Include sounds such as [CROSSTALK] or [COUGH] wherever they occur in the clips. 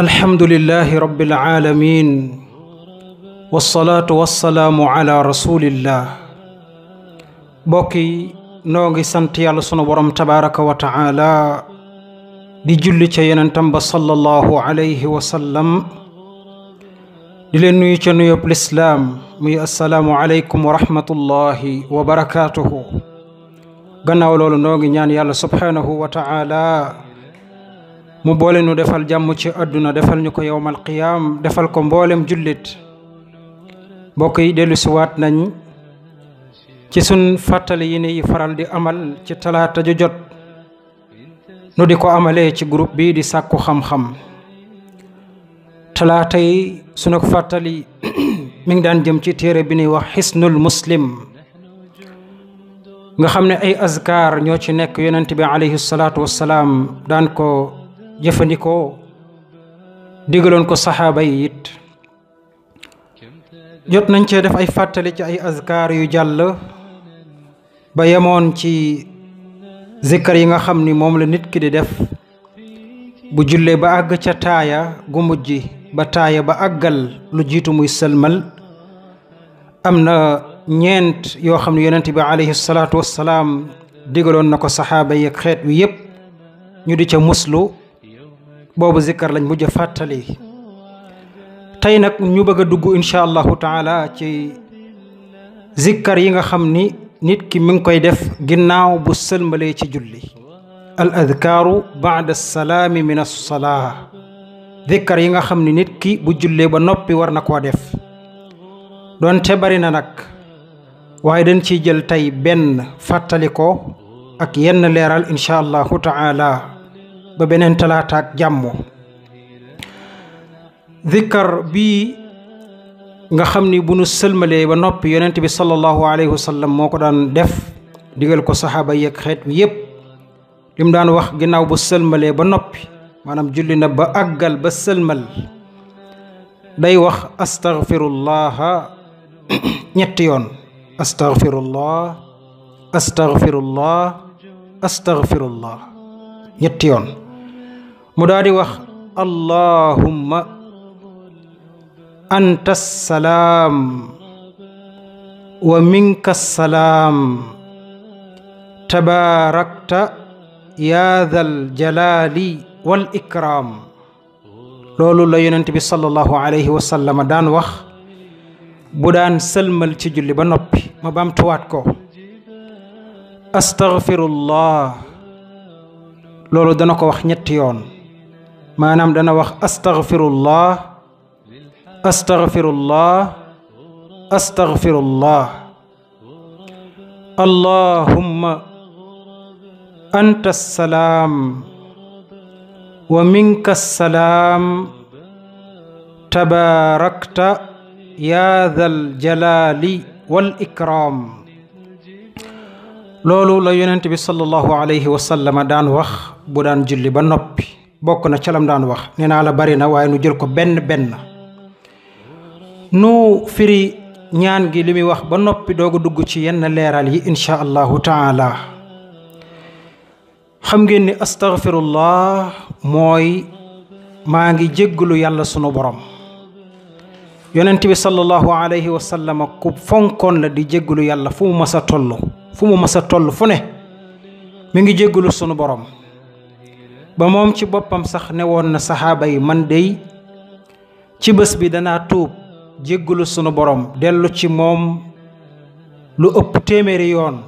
alhamdulilahi rabbil aalamiin wasalaatu wasalaamu ala rasulillah mbokk yi noo ngi sant yàlla sunu borom tabaraka wa taala di julli ca yonentam ba sallallahu alayhi wa sallam di leen nuyu ca nuyub lislaam muy asalaamu aleykum wa rahmatullahi subhaanahu wa taala mu boole nu defal jàmm ci àdduna defal ñu ko yowmal qiyaam defal ko mboolem jullit mbokk yi dellu siwaat nañ ci sun fàttali yi ni faral di amal ci talaata ju jot nu di ko amalee ci groupe bi di sàkku xam-xam talaata yi sunu fàttali [CLEARS THROAT] mi ngi daan jëm ci téere bi ni wax xisnul muslim nga xam ne ay azkar ñoo ci nekk yonent bi alayhi salaatu wassalaam daan ko jëfandikoo digaloon ko saxaaba yi it jot nañ cee def ay fàttali ci ay azkaar yu jàll ba yamoon ci zikkar yi nga xam ni moom la nit ki di def bu jullee ba àgg ca taaya gu mujj ba taaya ba àggal lu jiitu muy sëlmal am na ñeent yoo xam ne yonent bi alayhi salaatu wassalaam digaloon na ko saxaaba yi xeet wi yépp ñu di ca muslu boobu zikkar lañ mujj fàttali tey nag ñu bëgg a dugg incha allahu taala ci zikkar yi nga xam ni nit ki mi ngi koy def ginnaaw bu sëlmalee ci julli al adkaaru baada salaami min assalaa zikkar yi nga xam ni nit ki bu jullee ba noppi war na koo def doonte bari na nag waaye dañ ci jël tey benn fàttali ko ak yenn leeral incha allahu taala ba benen talata ak jàmm dhikr bi nga xamni bu nu selmale ba noppi yonent bi sallallahu alayhi wasallam moko dan def digel ko sahaba yek xet bi yépp li mu wax ginaaw bu selmale ba noppi manam julli ba àggal ba sëlmal day wax astaghfirullah ñet yon astaghfirullah astaghfirullah astaghfirullah ñet yon مداري وخ اللهم أنت السلام ومنك السلام تباركت يا ذا الجلال والإكرام لولو لا ينتي صلى الله عليه وسلم دان وخ بدان سلم التجل بنبي ما بام تواتكو أستغفر الله لولو دانوكو وخ نتيون يون maanaam dana wax astaghfirullah astaghfirullah astaghfirullah allahumma anta salaam wa minka salaam tabaarakta yaa dhal jalaali wal ikraam loolu la yonent bi sallallahu alayhi wa sallam daan wax bu daan julli ba noppi bokk na ca lam daan wax nee naa la bari na waaye nu jël ko benn benn nu firi ñaan gi li muy wax ba noppi doog a dugg ci yenn leeral yi insha allahu taala xam ngeen ni astaghfirullah mooy maa ngi jéggalu yàlla sunu borom yonent bi sallallahu alayhi wa sallam ku fonkoon la di jéggalu yàlla fu mu mas a toll fu mu mas a fu ne mi ngi jéggalu sunu borom ba moom ci boppam sax ne woon na saxaaba yi man dey ci bés bi danaa tuub jéggalu sunu borom dellu ci moom lu ëpp téeméeri yoon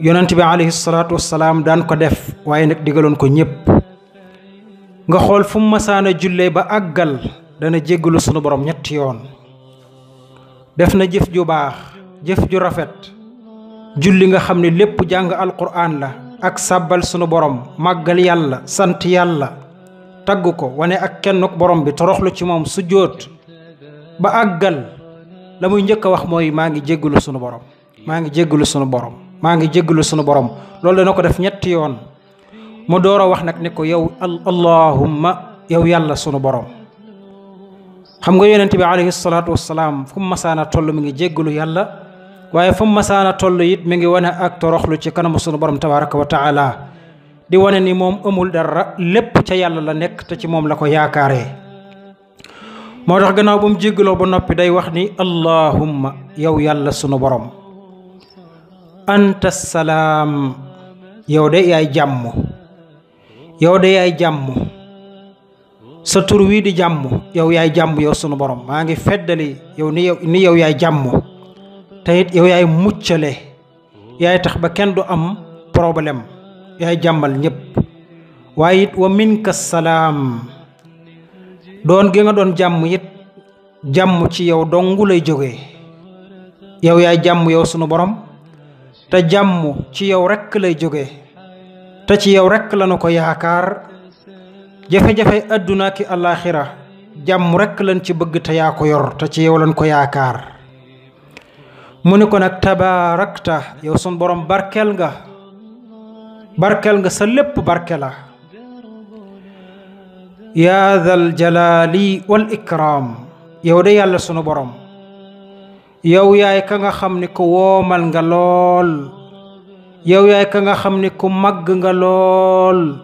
yonent bi alayhi salaatu wasalaam daan ko def waaye nag digaloon ko ñépp nga xool fu mu masaana julle ba àggal dana jéggalu sunu borom ñetti yoon def na jëf ju baax jëf ju rafet julli nga xam ne lépp jàng la ak sàbbal sunu borom màggal yàlla sant yàlla tagg ko wane ak kenn borom bi toroxlu ci moom su jóot ba àggal la muy njëkk a wax mooy maa ngi jéggalu sunu borom maa ngi jéggalu sunu borom maa ngi jéggalu sunu borom loolu dana ko def ñetti yoon mu door a wax nag ni ko yow allahumma yow yàlla sunu borom xam nga yonente bi alayhi salaatu wasalaam fu masaana toll mi ngi jéggalu yàlla waye fam mu masaana toll it mi ngi wane ak toroxlu ci kanam sunu borom tabaarak wa taala di wane ni mom amul dara lepp ci yalla la nek te ci mom la ko yaakaaree mo tax gannaaw bu mu jéggelo ba noppi day wax ni allahumma yow yalla sunu borom antas salam yow de yaay jamm yow de yaay jamm sa tur wi di jamm yow yaay jamm yow sunu borom ma ngi feddali yow ni yow yaay jamm te it yow yaay muccale yaay tax ba kenn du am problème yaay jàmmal ñëpp waaye it wa minka salaam doon gi nga doon jàmm it jàmm ci yow dongu lay jógee yow yaay jàmm yow sunu borom te jàmm ci yow rekk lay jóge te ci yow rekk lanu ko yaakaar jafe-jafe àdduna ki àllaaxira jàmm rekk lañ ci bëgg te yaa ko yor te ci yow lañ ko yaakaar mu ni ko nag tabarakta yow sun borom barkel nga barkeel nga sa lépp barke la yaa dal jalaali wal ikraam yow de yàlla sunu borom yow yaay ka nga xam ni ku woomal nga lool yow yaay ka nga xam ni ku màgg nga lool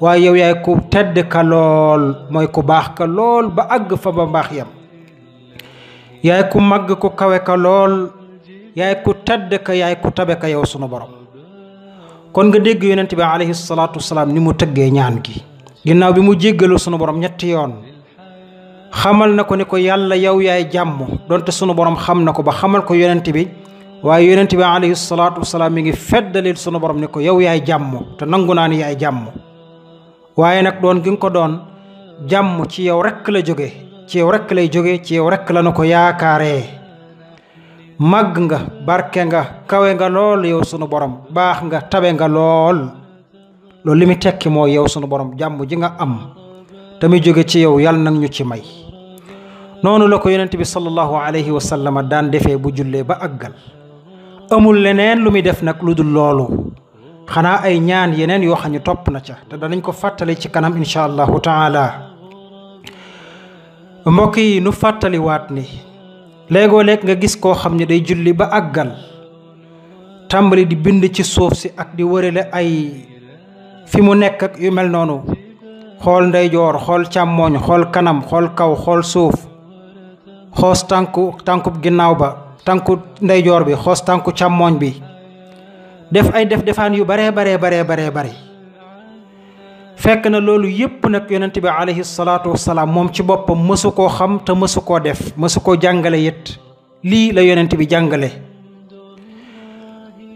waaye yow yaay ku tedd ka lool mooy ku baax ka lool ba àgg fa ba mbaax yam yaay ku màgg ku kawe ka lool yaay ku tedd ka yaay ku tabe ka yow sunu borom kon nga dégg yonent bi alayhi salaatu wasalaam ni mu tëggee ñaan gi ginnaaw bi mu jéggalu sunu borom ñetti yoon xamal na ko ni ko yàlla yow yaay jàmm donte sunu borom xam na ko ba xamal ko yonent bi waaye yonent bi alayhi salaatu wasalaam mi ngi feddalil sunu borom ni ko yow yaay jàmm te nangu naa ni yaay jàmm waaye nag doon gi ko doon jàmm ci yow rekk la jóge ci yow rekk lay jóge ci yow rekk la nu ko yaakaaree màgg nga barke nga kawe nga lool yow sunu borom baax nga tabe nga lool loolu li mu tekki moo yow sunu borom jàmm ji nga am te jóge ci yow yàlla nag ñu ci may noonu la ko yonent bi sallallahu alayhi wa sallam daan defee bu jullee ba àggal amul leneen lu muy def nag lu dul loolu xanaa ay ñaan yeneen yoo xam ne topp na ca te danañ ko fàttali ci kanam incha allahu taala mbokk yi nu fàttaliwaat ni léegoo léeg nga gis koo xam ne day julli ba àggal tàmbali di bind ci suuf si ak di wërale ay fi mu nekk yu mel noonu xool ndeyjoor xool càmmooñ xool kanam xool kaw xool suuf xoos tànku tànku ginnaaw ba tànku ndeyjoor bi xoos tànku càmmooñ bi def ay def defaan yu baree baree baree baree bare fekk na loolu yépp nag yonent bi alayhi salaatu wasalaam moom ci boppam mësu koo xam te mësu koo def mësu koo jàngale yit lii la yonent bi jàngale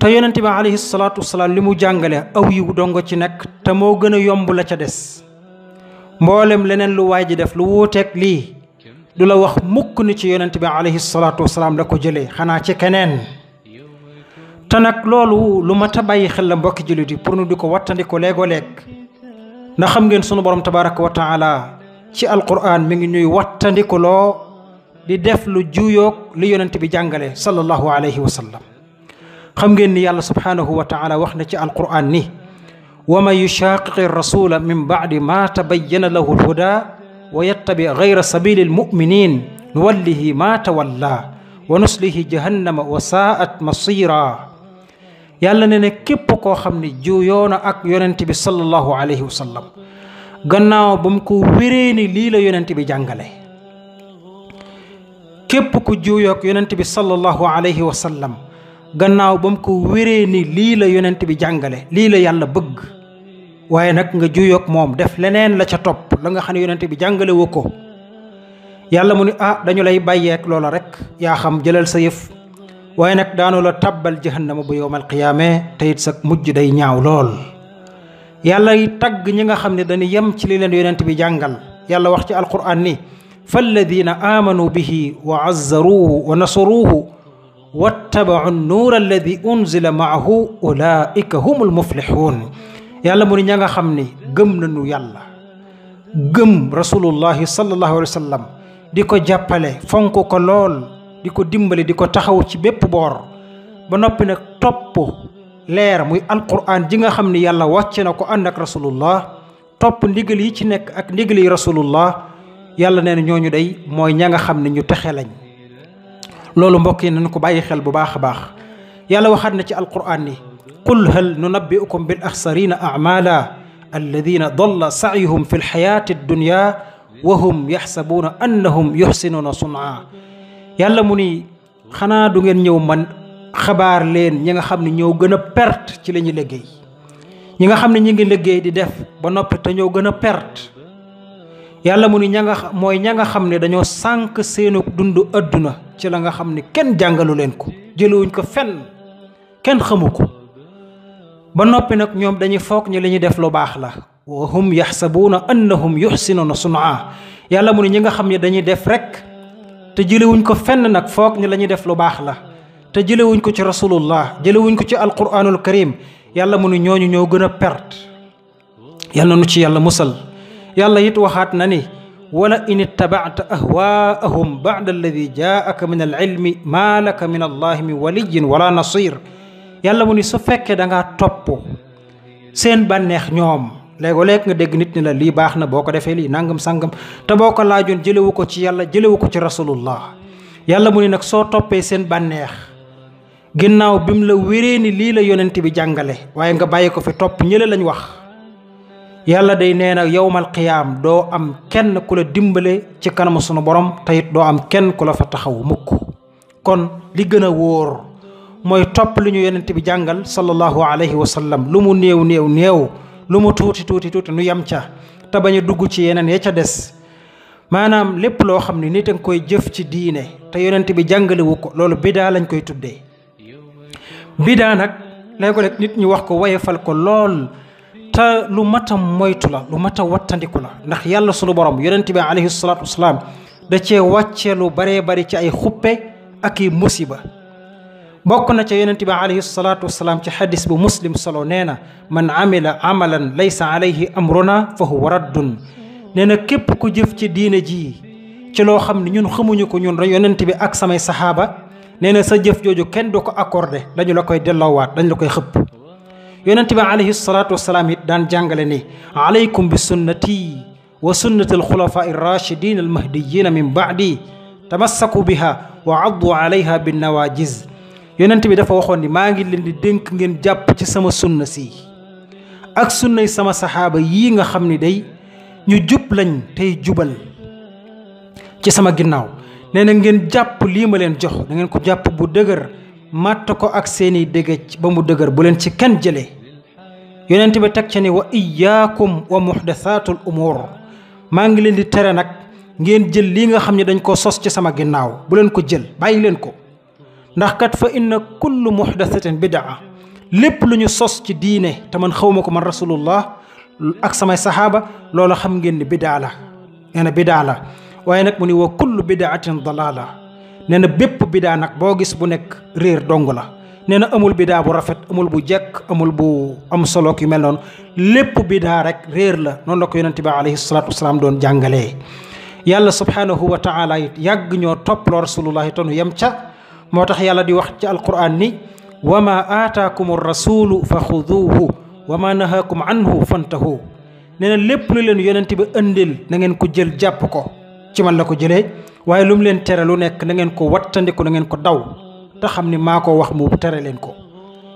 te yonent bi alayhi salaatu li mu jàngale aw yiw dongo ci nekk te moo gën a yomb la ca des mboolem leneen lu waaye ji def lu wuuteeg lii du la wax mukk ni ci yonent bi alayhi salaatu wasalaam la ko jëlee xanaa ci keneen te nag loolu lu mat a bàyyi xel la mbokki jullit yi pour nu di ko wattandiko léegoo-léeg ndax xam ngeen sunu borom tabaraka wa taala ci alquran mi ngi ñuy loo di def lu juuyoog li yonent bi jàngale sallallahu alayhi wa sallam xam ngeen ni yàlla subhaanahu wa taala wax na ci alquran ni wa man yushaqiqi rasula min bacdi ma tabayyana lahu lhuda wa yattabi gayra sabili almuminin nuwallihi ma tawalla wa nuslihi jahannama wa saat masira yàlla na ne képp koo xam ne juyoo na ak yonent bi sallallahu alayhi wa gannaaw ba mu ko wéree ni lii la yonent bi jàngale képp ku juyook yonent bi sallallahu alayhi gannaaw ba mu ko ni lii la yonent bi jàngale lii la yàlla bëgg waaye nag nga juyook moom def leneen la ca topp la nga xam ne yonent bi jàngalewu ko yàlla mu ni ah dañu lay bàyyeek loola rek yaa xam jëlal sa yëf waaye nag daanu la tàbbal jahannama bu yowmal qiyaame te sa mujj day ñaaw lool yàlla tagg ñi nga xam ne dañu yem ci li leen bi jàngal yàlla wax ci alquran ni falladina aamanu bihi wa azzaruuhu wa nasaruuhu wattabacu nuura alladi unzila maahu ulaika humul muflixuun yàlla mu ni ña nga xam ni gëm nañu yàlla gëm rasulullahi sallallahu alayhi wa sallam di ko jàppale fonk ko lool diko dimbali diko taxaw ci bépp bor ba nopi nak top leer muy alquran ji nga xamni yàlla wàcce nako andak rasulullah top ndigal yi ci nek ak ndigal yi rasulullah yàlla neena na ñooñu day moy ña nga xamni ñu taxé lañ lolu mbokk yi nañ ko bàyyi xel bu baax baax yàlla waxat na ci alquran ni qul hal nunabbi'ukum bil akhsarin a'mala alladina dalla sacyuhum fi lxayaati dunya wa hum yaxsabuuna annahum yuxsinuuna sun'a yàlla mu ni xanaa du ngeen ñëw man xabaar leen ñi nga xam ne ñoo gën a perte ci la ñuy liggéey ñi nga xam ne ñu ngi liggéey di def ba noppi te ñoo gën a perte yàlla mu ni ña nga mooy ña nga xam ne dañoo sànq seenu dund adduna ci la nga xam ni kenn jàngalu leen ko jëlewuñ ko fenn kenn xëmu ko ba noppi nag ñoom dañuy foog ñi li ñuy def lu baax la wa hum yaxsabuuna annahum yuxsinuuna sunaa yàlla mu ni ñi nga xam ne dañuy def rekk te jëlewuñ ko fenn nag foog ni la ñuy def lu baax la te jëlewuñ ko ci rasulullah jëlewuñ ko ci alquranul karim yàlla mu nu ñooñu ñoo gën a perte yàlla nu ci yàlla musal yàlla it waxaat na ni wala in ittabata ahwaahum bada alladi jaaka min alilmi ilmi laka min allahi min waliyin wala nasir yàlla mu ni su fekkee da ngaa topp seen bànneex ñoom léegoo léeg nga dégg nit ñi la lii baax na boo ko defee lii nangam sangam te boo ko laajoon jëlewu ko ci yàlla jëlewu ko ci rasulullah yàlla mu ne nag soo toppee seen bànneex ginnaaw bi mu la wéree ni lii la yonent bi jàngale waaye nga bàyyi ko fi topp ñële lañ wax yàlla day nee na yowmal qiyaam doo am kenn ku la dimbale ci kanamu sunu borom te doo am kenn ku la fa taxaw mukk kon li gën a wóor mooy topp li ñu yonent bi jàngal sallallahu alayhi wa néew néew néew lu mu tuuti tuuti tuuti nu yem ca te bañ dugg ci yeneen ya ca des maanaam lépp loo xam ne nit a nga koy jëf ci diine te yonent bi jàngalewu ko loolu bidaa lañ koy tuddee bidaa nag léeg-léeg nit ñu wax ko wayefal ko lool te lu mat moytu la lu mat wattandiku la ndax yàlla sunu borom yonent bi alayhi salaatu wasalaam da cee wàccee lu baree bari ci ay xuppe ak i musiba bokk na ca yonent bi alayhi salaatu wasalaam ci xadis bu muslim solo nee na man amila amalan laysa alayhi amruna fa huwa raddun nee na képp ku jëf ci diine ji ci loo xam ne ñun xamuñu ko ñun yonent bi ak samay saxaaba nee na sa jëf jooju kenn du ko accordé dañu la koy delloowaat dañu la koy xëpp yonent bi alayhi salaatu wasalaam it daan jàngale ni alaykum bi sunnati wa sunnati alxulafaa irrachidin almahdiyina min baadi tamassaku biha wa addu alayha binnawajiz yonent bi dafa waxoon ni maa ngi leen di dénk ngeen jàpp ci sama sunna si ak sunnay sama saxaaba yii nga xam ni day ñu jub lañ tey jubal ci sama ginnaaw nee na ngeen jàpp lii ma leen jox da ngeen ko jàpp bu dëgër màtt ko ak seeni dëgëj ba mu dëgër bu leen ci kenn jëlee yonent bi teg ca ni wa iyaakum wa muhdasaatul umur maa ngi leen di tere nag ngeen jël lii nga xam ne dañ ko sos ci sama ginnaaw bu leen ko jël bàyyi leen ko ndax kat fa inna kullu muhdathatin bid'a lépp luñu sos ci diine te man xawma ko man rasulullah ak samay sahaba loolu xam ngeen ni bid'a la nee bid'a la waaye nag mu ni wa kullu bid'atin dalala nee bépp bid'a nag boo gis bu nekk réer dong la nee amul bid'a bu rafet amul bu jekk amul bu am solo ki mel noonu lépp bid'a rek réer la noonu la ko yonente bi alayhi salatu wasalaam doon jàngalee yàlla subhanahu wa taala it yàgg ñoo topp loo rasulullahi tonu yem ca moo tax yàlla di wax ci alquran ni wa ma aataakum rasulu fa xuduuhu wa ma nahaakum anhu fantahu nee na lépp lu leen yonent bi ëndil na ngeen ko jël jàpp ko ci man la ko jëlee waaye lu mu tere lu nekk na ngeen ko wattandiku na ngeen ko daw te xam ni wax mu tere leen ko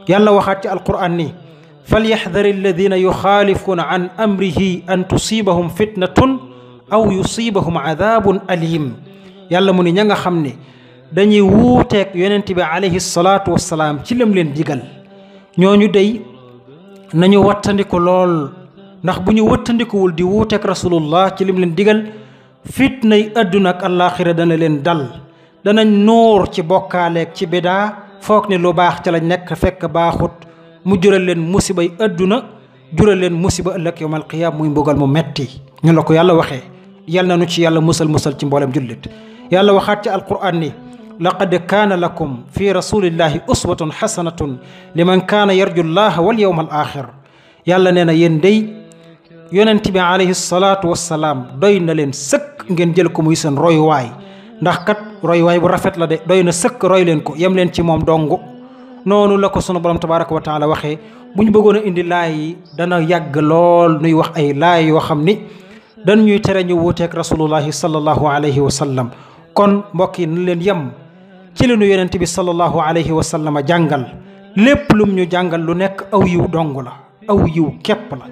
yàlla waxaat ci alquran ni فليحذر الذين يخالفون عن أمره أن تصيبهم فتنة أو يصيبهم عذاب أليم يلا من نيغا خامني dañuy wuté ak yonent bi alayhi salatu wassalam ci lam leen digal ñoñu day nañu wattandiku lool ndax buñu ñu wul di wuté ak rasulullah ci lim leen digal fitna fitnay àdduna ak alakhirah dana leen dal danañ noor ci ak ci bidaa foog ne lu baax ci lañ nekk fekk baaxut mu jural leen musibay aduna jural leen musiba ëllëg yowmal qiyam muy mbugal mu metti ñu la ko yàlla waxee yal na nu ci yàlla musal musal ci mboolem jullit yàlla waxaat ci alquran ni لقد كان لكم في رسول الله أسوة حسنة لمن كان يرجو الله واليوم الآخر يلا نينا يندي يننتبع عليه الصلاة والسلام دوين لين سك نجن جلكم ويسن روي واي نحكت روي واي برفت لدي دوين سك روي لينكو يم لين تيموم دونغو نونو لكو سنو بلام تبارك وتعالى وخي بني بغونا اندي لاي دانا يغ لول نوي وخ اي لاي وخمني دان نيو تري نيو ووتيك رسول الله صلى الله عليه وسلم كون موكي نلين يم ci lu nu yonent bi sallallahu alayhi wa sallam jangal lepp lu ñu jangal lu nek aw yu dongu la aw yu kep la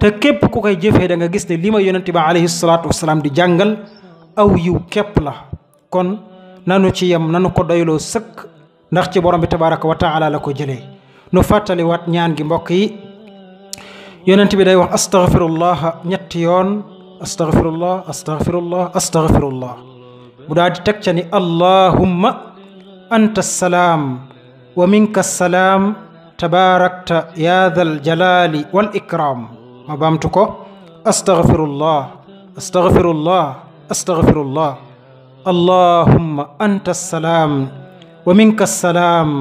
te kep ku koy jëfé da nga gis ne lima alayhi salatu wassalam di jangal aw yu kep la kon nanu ci yam nanu ko doylo sekk ndax ci borom bi tabarak wa taala la ko jëlé nu wat ñaan gi mbokk yi yonent bi day wax astaghfirullah ñett yoon astaghfirullah astaghfirullah astaghfirullah mu daal di ni allahumma anta salaam wa minka salaam tabaarakta yaa dal jalaali wal ikraam ma baamtu ko astaghfirullah astaghfirullah astaghfirullah allahumma anta salaam wa minka salaam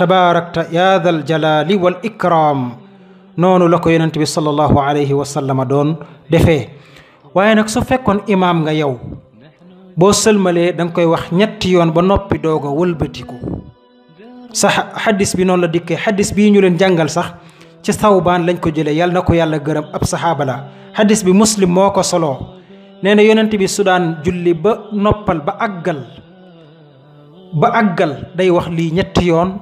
tabaarakta yaa dal jalaali wal ikraam noonu la ko yonent bi sallallahu alayhi wa sallam doon defee waaye nag su fekkoon imaam nga yow bo selmale dang koy wax ñetti yoon ba nopi dogo a wëlbatiku sax hadis bi non la dikke hadis bi ñu leen jangal sax ci sawban lañ ko yalla nako yalla gëreem ab sahaba la hadis bi muslim moko solo neena yonent bi sudan julli ba noppal ba aggal ba aggal day wax li ñetti yoon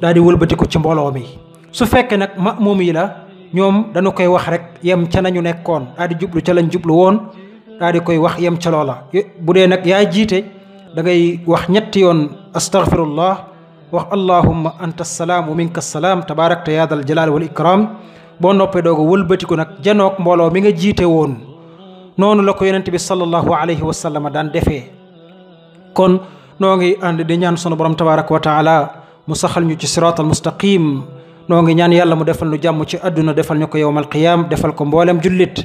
daal di wëlbatiku ci mbolo mi su fekke nak mamumi la ñom dañu koy wax rek yam ci nañu nekkon daal di jublu ci lañ jublu won daal koy wax yem ca loola bu dee nag yaay jiite da ngay wax ñetti yoon astaghfirullah wax allahumma anta salaam wa minka salaam tabaarakta yaa dal jalaal wal ikram boo noppee dooga wëlbatiku nag janook mbooloo mi nga jiite woon noonu la ko yonent bi sallallahu alayhi wa sallam daan defee kon noo ngi ànd di ñaan sunu borom tabaraka wa taala mu saxal ñu ci siraatal mustaqim noo ngi ñaan yàlla mu defal ñu jàmm ci àdduna defal ñu ko yowmal qiyaam defal ko mboolem jullit